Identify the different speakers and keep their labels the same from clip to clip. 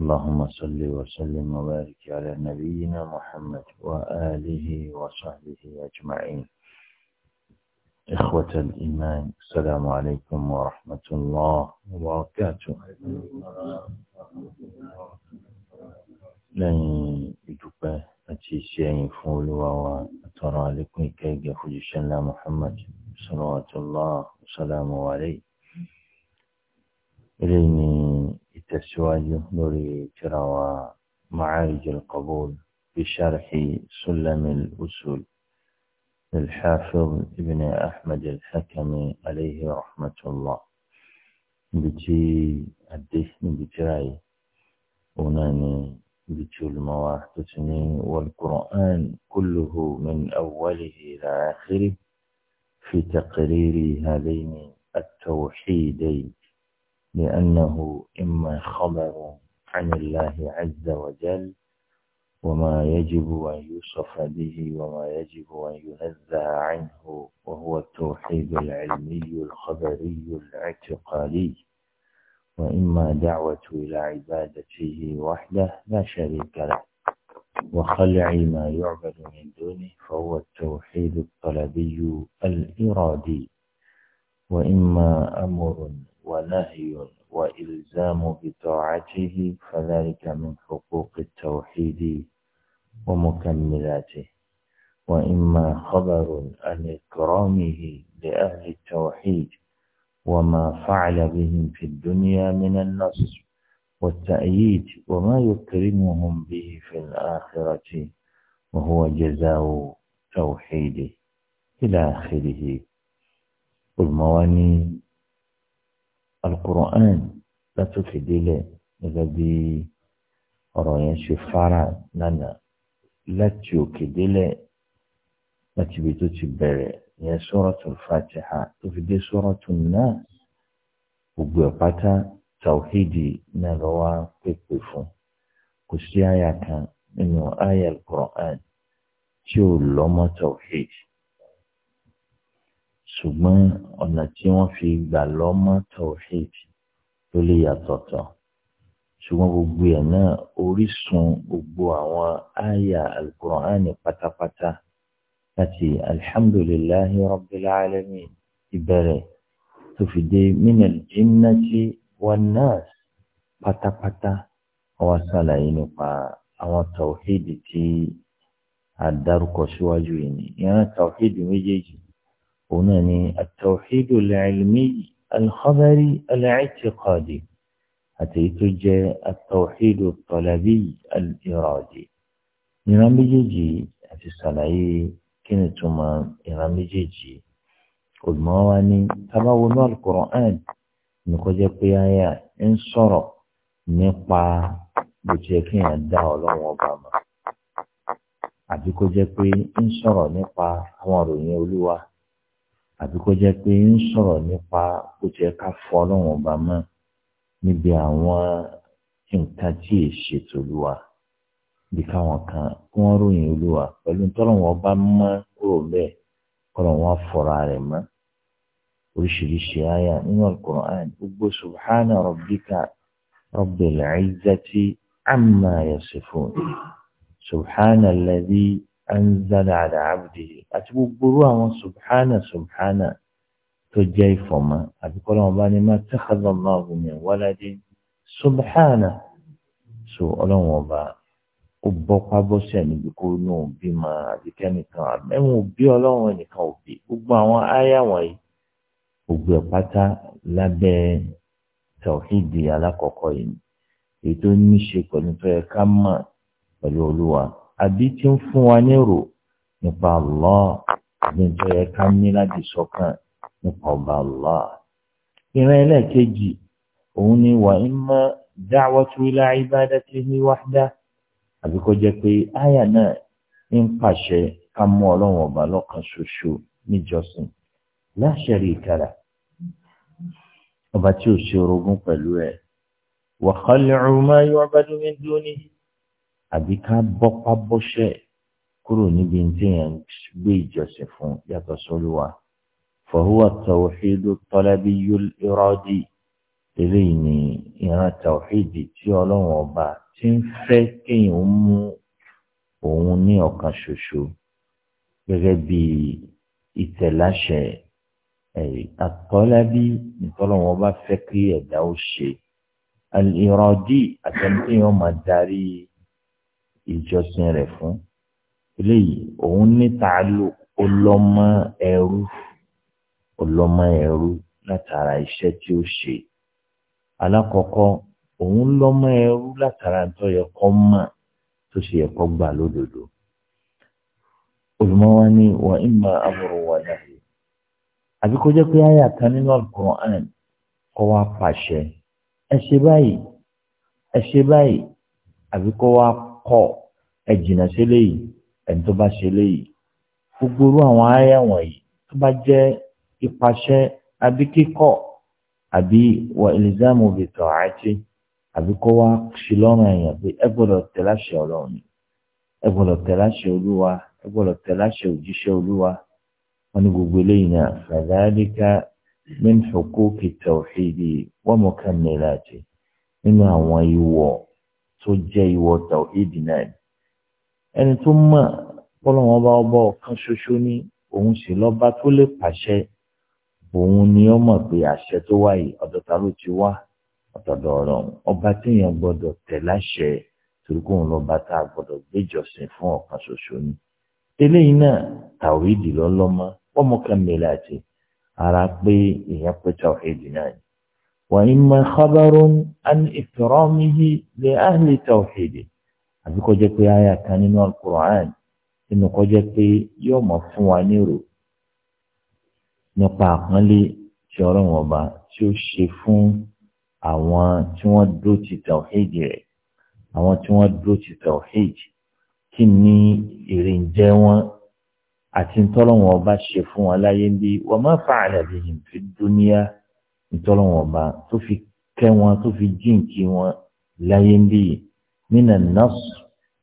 Speaker 1: اللهم صل وسلم وبارك على نبينا محمد وآله وصحبه أجمعين إخوة الإيمان السلام عليكم ورحمة الله وبركاته لن يدوبة أتي سيئين فولوا وأترى لكم كي يخرج شلا محمد صلوات الله وسلامه عليه إليني ìtẹ̀síwájú lórí tirawa معارج القبول بشرح سلم الأصول للحافظ ابن أحمد الحكمي عليه رحمة الله بجي الدهن بجاي وناني بجو المواحدتني والقرآن كله من أوله إلى آخره في تقرير هذين التوحيدين لأنه إما خبر عن الله عز وجل وما يجب أن يوصف به وما يجب أن ينزه عنه وهو التوحيد العلمي الخبري الاعتقالي وإما دعوة إلى عبادته وحده لا شريك له وخلع ما يعبد من دونه فهو التوحيد الطلبي الإرادي وإما أمر ونهي وإلزام بطاعته فذلك من حقوق التوحيد ومكملاته وإما خبر عن إكرامه لأهل التوحيد وما فعل بهم في الدنيا من النصر والتأييد وما يكرمهم به في الآخرة وهو جزاء توحيده إلى آخره والمواني alukur'an látòkè délẹ̀ gẹ́gẹ́ bí ọ̀rọ̀ yẹn ṣe fara lánàá láti òkè délẹ̀ láti ibi tó ti bẹ̀rẹ̀ yẹn suratul Fatiha tó fi dé suratun Nas gbogbo ẹ̀pátá tàwíìdì náà lọ wá pèpè fún kò sí àyà kan nínú àyà alukur'an tí ò lọ́mọ tàwíìdì ṣùgbọ́n ọ̀nà tí wọ́n fi gbà lọ́mọ tawhid ló lè yàtọ̀tọ̀ ṣùgbọ́n gbogbo ẹ̀ náà orísun gbogbo àwọn àyà alukur'ani pátápátá láti alhamdulillahi rabbil alamin ìbẹ̀rẹ̀ tó fi dé minal jinnati wan nas pátápátá àwọn sàlàyé nípa àwọn tawhid tí a dárúkọ síwájú yìí ni ìran tawhid méjèèjì òun náà ni àtọ̀hídù làìlmí alxabari aláìtìkọ́dì àti èyí tó jẹ́ àtọ̀hídù tọ́lábí alìrọ̀dì. ìran méjèèjì àti sàlàyé kí ni túmọ̀ ìran méjèèjì olùmọ̀ wa ní tábàwọ̀ náà alukur'an ní kó jẹ́ pé àyà ń sọ̀rọ̀ nípa bó ti yẹ kí èèyàn dá ọlọ́run ọba mọ̀ àbí kó jẹ́ pé ń sọ̀rọ̀ nípa àwọn ìròyìn olúwa. àbí kó jẹ́ pé ń sọ̀rọ̀ nípa kó jẹ́ ká fọ́ ọlọ́run ọba mọ́ níbi àwọn nǹkan tí è ṣètò olúwa bí káwọn kan kí wọ́n ròyìn olúwa pẹ̀lú tọ́lọ́run ọba mọ́ kúrò bẹ́ẹ̀ kọ́lọ̀ wọn fọ̀ra rẹ̀ mọ́ oríṣiríṣi àyà nínú gbogbo subhana subhana anzala ala abdihi àti gbogbo àwọn subhana subhana tó jẹ́ ìfọ̀mọ́ àti kọ́lọ́ wọn bá ní ma takhadha Allahu min waladin subhana so ọlọ́run ọba ó bọ́ pábọ́sẹ̀ níbi kó náà bí máa àti kẹ́nìkan àmẹ́wọ̀n òbí ọlọ́run ẹnìkan òbí gbogbo àwọn áyà wọ̀nyí gbogbo ẹ̀ lábẹ́ tawhidi alákọ̀ọ́kọ́ yìí èyí tó ní í ṣe pẹ̀lú tó ká mọ̀ pẹ̀lú olúwa àbí tí ń fún wa nírò nípa Allah àbí tó yẹ ká ní láti sọ́kàn nípa ọba Allah. ìran ẹlẹ́ẹ̀kejì òun ni wà ń mọ da'watu ila ibadatihi wahda àbí kó jẹ́ pé àyà náà ń pàṣẹ ká mú ọlọ́run ọba lọ́kan ṣoṣo níjọsìn la sharika lah ọba tí ò ṣe orogún pẹ̀lú ẹ̀ wa khal'u ma yu'badu min dunihi àbí ká bọ́pá bọ́ṣẹ́ kúrò níbi tí yẹn gbé ìjọsìn fún yàtọ̀ sólúwa fọwọ́ tawhidu talabiyul iradi eléyìí ni ìran tawhidi tí ọlọ́run ọba ti ń fẹ́ kéèyàn mú òun ní ọ̀kan ṣoṣo gẹ́gẹ́ bí ìtẹ̀láṣẹ àtọ́lábí ìtọ́lọ́run ọba fẹ́ kí ẹ̀dá ó ṣe al àtẹnudẹ́yìn ọmọ darí ìjọsìn rẹ̀ fún eléyìí òun níta ló ọlọ́mọ ẹrú ọlọ́mọ ẹrú látara iṣẹ́ tí ó ṣe alákọ̀ọ́kọ́ òun lọ́mọ ẹrú látara tó yẹ kọ́ mọ̀ tó ṣe yẹ kọ́ gbà lódodo olùmọ́wá ní wà ìmà amúrò wà láàyè àbí kó jẹ́ pé àyà kan nínú Al-Qur'an kọ́ wá pàṣẹ ẹ ṣe báyìí ẹ ṣe báyìí àbí kọ́ wá kọ̀ ẹ jìnnà sí léyìí ẹni tó bá ṣe léyìí gbogbo irú àwọn àyà wọ̀nyí tó bá jẹ́ ìpàṣẹ àbí kíkọ̀ àbí wà ìlìzámù bìtọ̀ àti àbí kó wá sí lọ́rùn èèyàn pé ẹ gbọ́dọ̀ tẹ̀ láṣẹ ọlọ́run ẹ gbọ́dọ̀ tẹ̀ láṣẹ olúwa ẹ gbọ́dọ̀ tẹ̀ láṣẹ òjíṣẹ́ olúwa wọn ní gbogbo eléyìí náà fàdáríkà min huquqi tawhidi wa mukammilati nínú àwọn ìwọ̀ tó jẹ́ ìwọ tàwíìdì náà ẹni tó mọ̀ pọ́lọ́wọ́n bá ọba ọ̀kan ṣoṣo ní òun sì lọ́ba tó lè pàṣẹ òun ni ó mọ̀ pé àṣẹ tó wáyé ọ̀dọ̀ ta ló ti wá ọ̀tọ̀dọ̀ ọ̀rọ̀ ọba téèyàn gbọ́dọ̀ tẹ̀ láṣẹ torí lọ́ba tá a gbọ́dọ̀ gbéjọsìn fún ọ̀kan ṣoṣo ní eléyìí náà tàwíìdì lọ́lọ́mọ pọ́mọkànmẹ́lá àti ara pé èèyàn pẹ́ tàwíìdì náà وإما خبر عن إكرامه لأهل توحيده àbí kó jẹ́ pé àyà kan nínú alukur'an inú kó jẹ́ pé yóò mọ̀ fún wa nírò nípa àpọ́nlé tí ọlọ́run ọba tí ó ṣe fún àwọn tí wọ́n dúró ti tawhid rẹ̀ àwọn tí wọ́n dúró ti tawhid kí ni èrèǹjẹ́ wọn àti ntọ́lọ́run ọba ṣe fún wọn láyé ń bí wa ma fa'ala bihim fid dunya ntọ́lọ́wọ̀n ọba tó fi kẹ́ wọn tó fi jíǹkí wọn láyé ń bíyì nínà nọ́ọ̀sì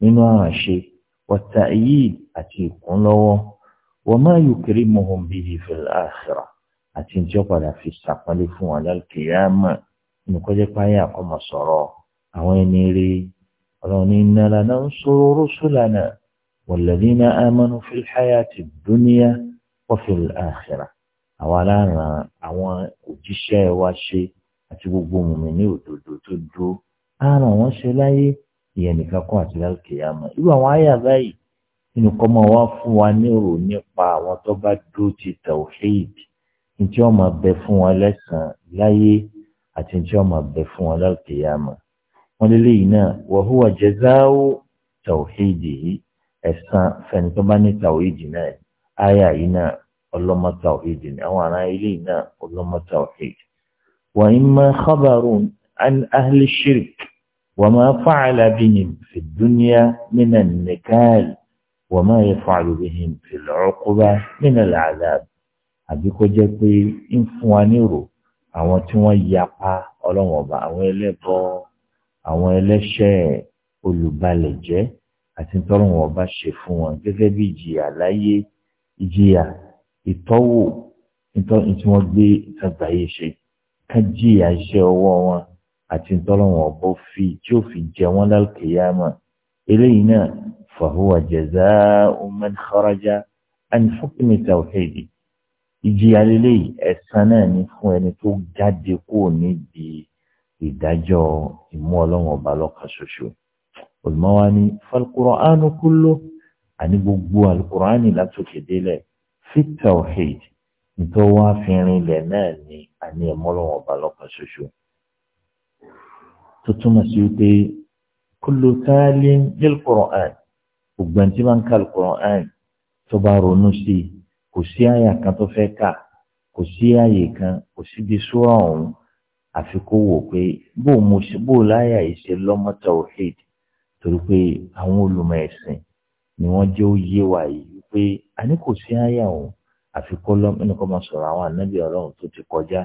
Speaker 1: nínú àrànṣe wọ́tà yìí àti ìkúnlọ́wọ́ wọ́n máa yù kiri mọ́hún bíi ìfẹ̀lẹ́ àṣírà àti ìjọ padà fi sàpọ́nlé fún wọn lálùkìyàmà nìkọ́jẹ́ páyé àkọ́mọ̀ sọ̀rọ̀ àwọn ẹni rí ọ̀rọ̀ ní nàlà náà ń sọ̀rọ̀ rọ́ṣùlànà wọ̀lẹ́dínà amánú fìlháyà ti dúníyà wọ́fìlẹ́ àṣírà àwọn aláàrán àwọn òjíṣẹ́ wa ṣe àti gbogbo mùmí ní òdodo tó dúró àràn wọn ṣe láyé ìyẹn nìkan kọ́ àti lálùkìyàmọ̀ irú àwọn àyà báyìí nínú kọ́ máa wá fún wa ní ọ̀rọ̀ nípa àwọn tó bá dúró ti tawhid ntí wọn máa bẹ fún wọn lẹ́san láyé àti ntí wọn máa bẹ fún wọn lálùkìyàmọ̀ wọn lélẹ́ yìí náà wa huwa jazāu tawhid yìí ẹ̀san fẹ́ni tó bá ní tawhid náà àyà yìí náà ọlọ́mọ tawhid ni àwọn ará ilé náà ọlọ́mọ tawhid. wa imma khabarun an ahli shirk wa ma fa'ala bihim fi dunya min an-nikal wa ma yaf'alu bihim fi al-uquba min al-'adhab. àbí kó jẹ́ pé ń fún wa nírò àwọn tí wọ́n yapa ọlọ́run àwọn ẹlẹ́bọ àwọn ẹlẹ́ṣẹ̀ olùbalẹ̀jẹ́ àti tọ́lọ́run ṣe fún wọn gẹ́gẹ́ bí ìjìyà láyé ìjìyà ìtọ́wò nítorí tí wọ́n gbé àgbáyé ṣe ká jìyà iṣẹ́ ọwọ́ wọn àti ntọ́lọ́wọ̀n ọ̀bọ fi tí ó fi jẹ wọ́n lálùkìyàmà eléyìí náà fahuwa jazā'u man kharaja an hukmi tawhidi ìjìyà lélẹ́yìí ẹ̀san náà ní fún ẹni tó jáde kúrò níbi ìdájọ́ ìmú ọlọ́wọ̀n ọba lọ́kàn ṣoṣo olùmọ́wá ní fal-Qur'ānu kulluh àní gbogbo al-Qur'āni látòkè délẹ̀ fit-tawhid tó wá fi rinlẹ̀ náà ni àní ẹ̀mọ́lọ́wọ́ ọba ṣoṣo tó túmọ̀ sí wípé kullu taalin lil Qur'an ògbọ́n tí máa ń ka Qur'an tó bá ronú sí i kò sí àyà kan tó fẹ́ kà kò sí àyè kan kò síbi sóra ọ̀hún àfi wò pé bó láyà yìí ṣe lọ́mọ tawhid torí pé àwọn olùmọ̀ ẹ̀sìn ni wọ́n jẹ́ ó yé wa pé a ní kò sí àyà òun àfi kó lọ nínú kó máa sọ̀rọ̀ àwọn ànábì ọlọ́run tó ti kọjá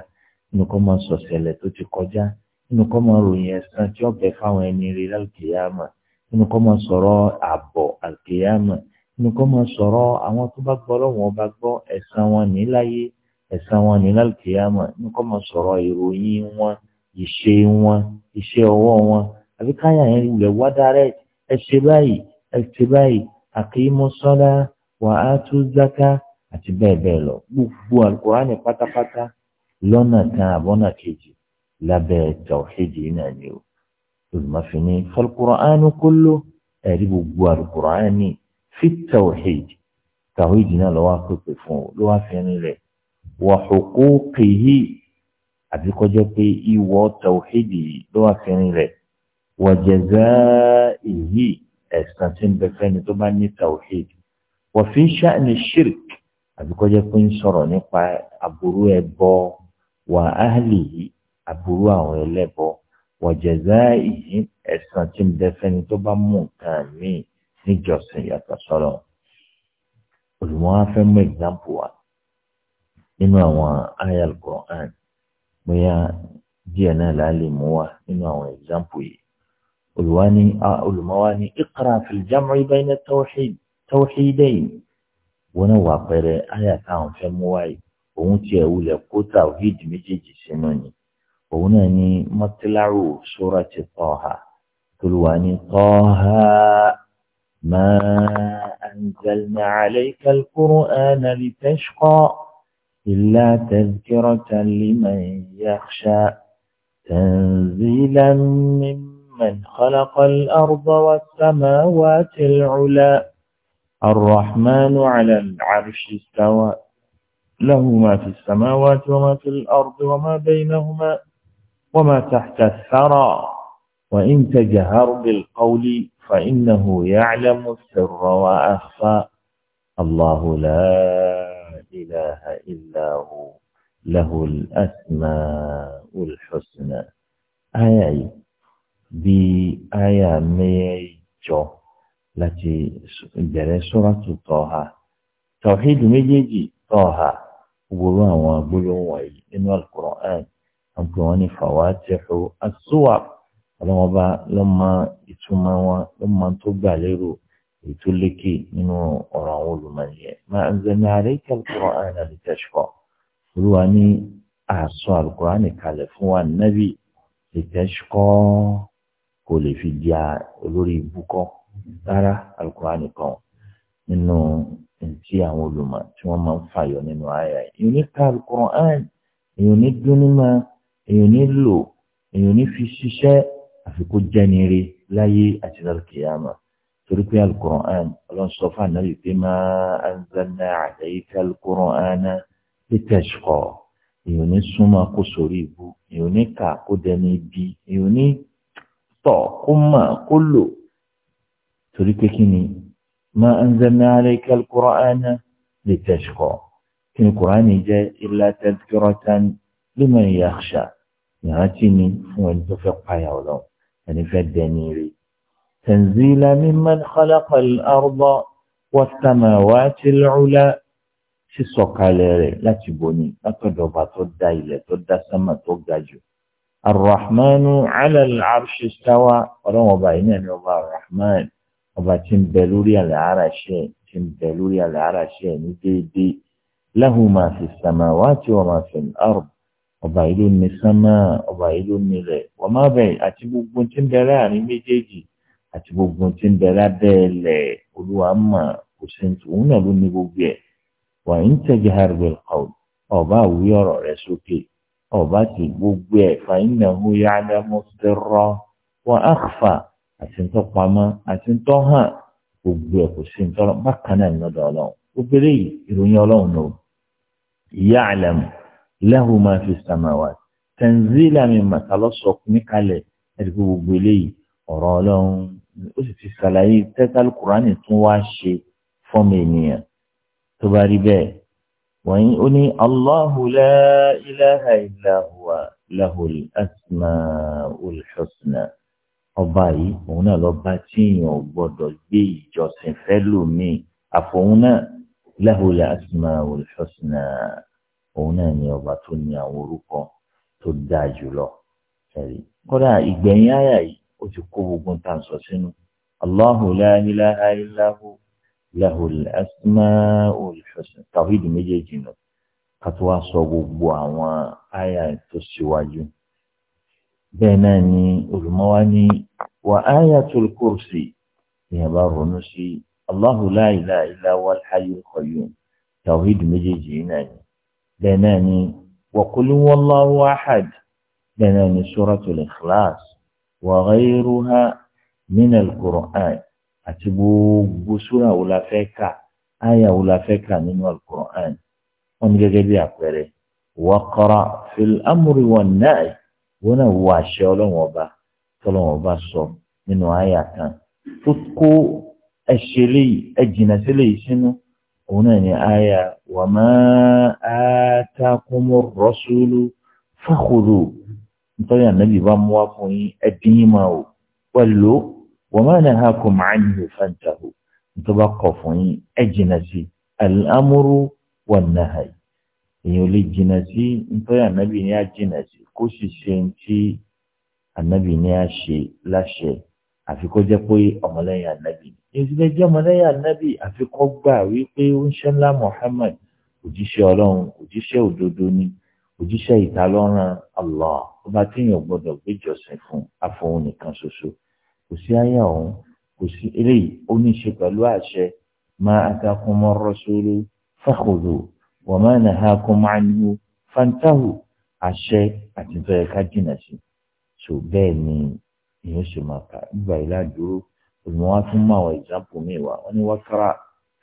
Speaker 1: nínú kó máa sọ ṣẹlẹ̀ tó ti kọjá nínú kó máa ròyìn ẹ̀san tí ọ̀bẹ fáwọn ẹni rí lálùkìyàmà nínú kó máa sọ̀rọ̀ ààbọ̀ àlùkìyàmà nínú kó máa sọ̀rọ̀ àwọn tó bá gbọ́ lọ́wọ́ bá gbọ́ ẹ̀san wọn ní láyé ẹ̀san wọn ní lálùkìyàmà nínú kó máa sọ̀rọ̀ ìròyìn wọn ìṣe wọn iṣẹ́ ọwọ́ wọn àbí yẹn lulẹ̀ wá dárẹ́ ẹ ṣe báyìí ẹ ṣe báyìí àkíyí mọ́sọ́lá wà á tú zaka àti bẹ́ẹ̀ bẹ́ẹ̀ lọ gbogbo alukurani pátápátá lọ́nà kan àbọ̀nà kejì lábẹ́ tawhidi náà ni o olùmọ̀fin ni falkurani kullu ẹ̀rí gbogbo alukurani fi tawhidi tawhidi náà lọ́wọ́ pépè fún o lọ́wọ́ fẹ́rin rẹ̀ wà huquqihi àbí kọjá pé ìwọ tawhidi lọ́wọ́ fẹ́rin rẹ̀ wà jazaihi ẹ̀sán tí ń bẹ fẹ́ni tó bá ní tawhidi wọ̀fí ṣáàni shirk àbíkọ́jẹ́ pé ń sọ̀rọ̀ nípa aburú ẹbọ wà áhàlì yìí aburú àwọn ẹlẹ́bọ wọ̀jẹ̀zá ìyí ẹ̀sán tí ń bẹ fẹ́ni tó bá mú nǹkan míì níjọsìn yàtọ̀ sọ̀rọ̀ olùwọ́n á fẹ́ mú ẹ̀gbáǹpù wa nínú àwọn ayal Qur'an bóyá díẹ̀ náà là á lè mú wa nínú àwọn ẹ̀gbáǹpù yìí olùwọ́n á ní olùmọ́wá ní iqra fil jam'i bayna توحيدين ونوا قرى آية كان في الموعي ومتي أولى قطة وهيد مجيجي سنوني ونني مطلعو سورة طه تلواني طه ما أنزلنا عليك القرآن لتشقى إلا تذكرة لمن يخشى تنزيلا ممن خلق الأرض والسماوات العلى الرحمن على العرش استوى له ما في السماوات وما في الأرض وما بينهما وما تحت الثرى وإن تجهر بالقول فإنه يعلم السر وأخفى الله لا إله إلا هو له الأسماء الحسنى آيات بآيات ميجو láti ìbẹ̀rẹ̀ sọ́ràtù tọ́ha tọ̀hídù méjèèjì tọ́ha gbogbo àwọn gbólóhùn wọ̀nyí nínú alukur'an wọn pè wọn ní fawatihu as-suwar ọlọ́mọba lọ́mọ ìtumọ̀ wọn lọ́mọ tó gbà lérò ètò lékè nínú ọ̀rọ̀ àwọn olùmọ̀lẹ́ ma anzalna alayka alukur'an litashqa olúwa ní àṣọ alukur'an kalẹ̀ fún wa nábì litashqa kò lè fi di olórí ibùkọ́ rárá alukurani kan nínú ntí àwọn olùmọ̀ tí wọ́n máa ń fàyọ nínú àyà èyàn ní ka alukurani èyàn ní dúnímọ̀ èyàn ní lò èyàn ní fi ṣiṣẹ́ àfikún jẹnire láyé àti lálùkìyàmà torí pé alukurani ọlọ́run sọ fún ànábì pé máa anzalna alayka alukurani litashqa èyàn ní súnmọ́ kó sórí ibú èyàn ní kà kó dẹni ibi èyàn ní tọ̀ kó mọ̀ kó lò torí pé kí ni ma anzalna alayka al-Qur'ana litashqa kí ni kùránì jẹ́ illa tadhkiratan liman yakhsha ìrántí ni fún ẹni tó fẹ́ payà ọ̀lọ́ ẹni fẹ́ dẹni rí tanzila mimman khalaqa al-arda was-samawati al sísọ̀kalẹ̀ rẹ̀ láti bòní látọ̀dọ̀ba tó dá ilẹ̀ tó dá sánmà tó ga jù. arrahmanu ala al-arshi istawa ọlọ́wọ́n ọba ọba arrahman ọba tí ń bẹ lórí àlẹ́ ara ṣe tí ń bẹ lórí àlẹ́ ara ṣe ní déédéé lahu ma fi samawati wa ma fi al-ard ọba ìlú ní sánmà ọba ìlú nílẹ̀ wọ́n má bẹ̀ àti gbogbo tí ń bẹ láàrin méjèèjì àti gbogbo tí ń bẹ lábẹ́ ẹlẹ̀ olúwa mọ̀ kò sí òun náà ló ní gbogbo ẹ̀ wà ń tajhar bil qawl ọba àwùyí ọ̀rọ̀ rẹ̀ sókè ọba ti gbogbo ẹ̀ fa innahu àti ń tọ́ pamọ́ àti ń tọ́ hàn gbogbo ẹ̀ kò sí ń tọ́lọ́ bákan náà lọ́dọ̀ ọlọ́run ó péré ìròyìn ọlọ́run náà ya'lam lahu ma fi samawat tanzila mimma sọ ọkùnrin kalẹ̀ ẹ̀rí gbogbo eléyìí ọ̀rọ̀ ọlọ́run ó sì ti ṣàlàyé tẹ́tàlù kùránì tún wá ṣe fọ́ọ̀mù ènìyàn tó bá rí bẹ́ẹ̀ wọ́n ó ní Allahu la ilaha illa huwa lahul asmaul ọba yìí òun náà lọ́ba tí èèyàn ò gbọ́dọ̀ gbé ìjọsìn fẹ́ lómi àfọ̀hún náà lahul asmaul husna òun náà ni ọba tó ní àwọn orúkọ tó dáa jùlọ ẹ̀rí kódà ìgbẹ̀yìn àyà yìí ó ti kó gbogbo ń sọ sínú Allahu la ilaha illa hu lahul tàwídìí méjèèjì nù ká tó wá sọ gbogbo àwọn àyà tó síwájú bẹ́ẹ̀ náà ni olùmọ́wá ní wà áyàtul kùrsì èèyàn bá ronú sí Allahu la ilaha illa huwal hayyul qayyum tawhid méjèèjì yìí náà ni bẹ́ẹ̀ náà ni wa qul huwallahu ahad bẹ́ẹ̀ náà ni suratul ikhlas wa ghayruha minal qur'an àti gbogbo súra wo la fẹ́ kà áyà wo nínú al wọn gẹ́gẹ́ bí àpẹẹrẹ waqra fil amri wan nahy wọn náà wo àṣẹ ọlọ́run ọba tọ́lọ́run ọba sọ nínú àyà kan tó kó ẹ̀ṣẹ̀ léyìí ẹ̀jìnà sí léyìí sínú òun náà ní àyà wa ma atakumur rasulu fakhudhu nítorí ànábì bá mú wá fún yín ẹ̀dín máa wò pẹ̀lú wa ma nahakum anhu fantahu nítorí bá kọ̀ fún yín ẹ̀jìnà sí al-amru wan èèyàn lè jìnà sí nítorí ànábì ní á jìnà sí kó sì ṣe ohun tí ànábì ní á ṣe láṣẹ àfi kó jẹ́ pé ọmọlẹ́yìn ànábì ìṣẹ̀lẹ̀ jẹ́ ọmọlẹ́yìn ànábì àfi kó gbà wípé ó ń ṣe ńlá Muhammad òjíṣẹ́ ọlọ́run òjíṣẹ́ òdodo ni òjíṣẹ́ ìtalọ́ràn Allah ọba tíyàn gbọ́dọ̀ gbéjọsìn fún àfọ̀hún nìkan ṣoṣo kò sí àyà ọ̀hún kò sí eléyìí ó ní ṣe pẹ̀lú àṣẹ ma atakumur rasulu fakhudhu wa ma nahakum anhu fantahu àṣẹ àti tó yẹ ká jìnà sí so bẹ́ẹ̀ ni èèyàn ṣe máa kà nígbà yìí ládùúró olùmọ̀ wá tún máa wọ ìjàmpù mi wá wọ́n ní wá kára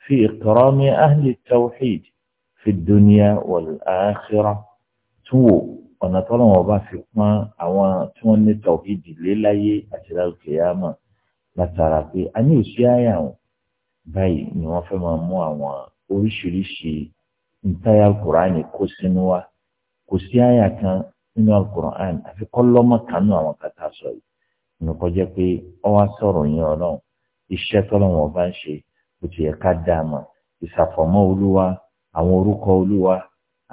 Speaker 1: fi ikrami ahli tawhid fi dunya wal akhirah tún wò ọ̀nà tọ́lọ́wọ́ bá fi pọ́n àwọn tí wọ́n ní tawhid lé àti lálùkìyàmà látara pé a ní òṣìṣẹ́ àyà báyìí ni wọ́n fẹ́ máa mú àwọn oríṣiríṣi ntaya alukur'an kó sínú wa kò sí àyà kan nínú alukur'an àfi kọ́lọ́mọ kan nínú àwọn kàtà sọ yìí nǹkan jẹ́ pé ọwọ́ sọ̀rọ̀ yẹn ọlọ́run iṣẹ́ tọ́lọ́wọ́n bá ń ṣe kò tiẹ̀ ká dáa mọ̀ ìsàfọ̀mọ́ olúwa àwọn orúkọ olúwa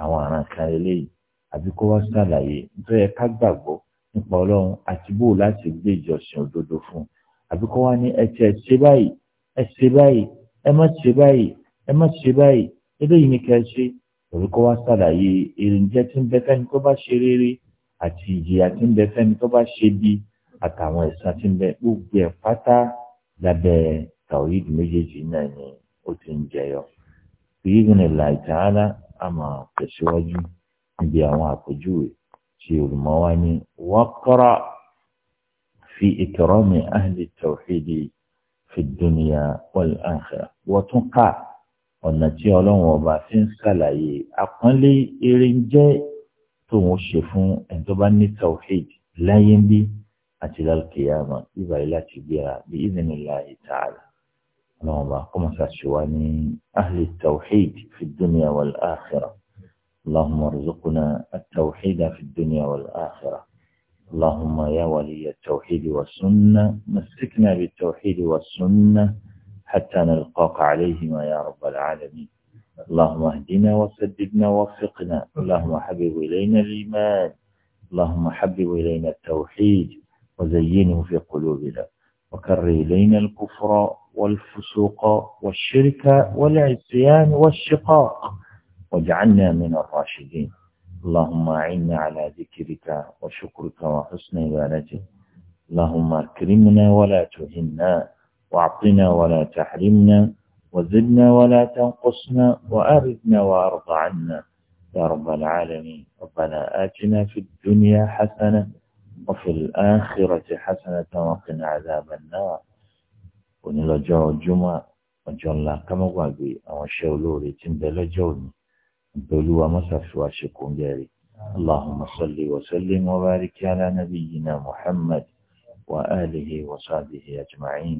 Speaker 1: àwọn àràn eléyìí àbí kó wá ṣàlàyé nítorí ẹ ká gbàgbọ́ nípa ọlọ́run àti bó láti gbé ìjọsìn òdodo fún un àbí kó wá ní ẹ ti ẹ ṣe báyìí ẹ ṣe báyìí ẹ má ṣe báyìí ẹ má ṣe báyìí eléyìí ni kẹ́ ẹ ṣe òun kó wá ṣàlàyé èròjẹ tí ń bẹ fẹ́ni tó bá ṣe rere àti ìjìyà tí ń bẹ fẹ́ni tó bá ṣe bí àtàwọn ẹ̀san tí ń bẹ gbogbo ẹ̀ pátá lábẹ́ tawhid méjèèjì náà ni ó ti ń jẹyọ. èyí ni Allah a máa tẹ̀síwájú níbi àwọn àpèjúwe tí olùmọ̀ wa ní waqra fi ikrami ahli tawhid fi dunya wọ́n tún ká ọ̀nà tí ọlọ́run ọba fi ń ṣàlàyé àpọ́nlé eré ń jẹ́ tóun ṣe fún ẹni tó bá ní tawhid láyé ń bí àti lálùkìyàmà ibà yìí láti gbéra bí iznillahi ta'ala ọlọ́run ọba kó máa ní ahli tawhid fi dunya wal akhirah اللهم ارزقنا التوحيد في الدنيا والآخرة اللهم يا ولي التوحيد والسنة مسكنا بالتوحيد والسنة حتى نلقاك عليهما يا رب العالمين اللهم اهدنا وسددنا ووفقنا اللهم حبب إلينا الإيمان اللهم حبب إلينا التوحيد وزينه في قلوبنا وكر إلينا الكفر والفسوق والشرك والعصيان والشقاق واجعلنا من الراشدين اللهم أعنا على ذكرك وشكرك وحسن عبادتك اللهم اكرمنا ولا تهنا وأعطنا ولا تحرمنا وزدنا ولا تنقصنا وأردنا وأرض عنا يا رب العالمين ربنا آتنا في الدنيا حسنة وفي الآخرة حسنة وقنا عذاب النار ونلجأ الجمعة ọjọ́ وجو الله كما gbàgbé أو iṣẹ́ olóore tí ń bẹ lọ́jọ́ òní اللهم صل وسلم وبارك على نبينا محمد وآله وصحبه أجمعين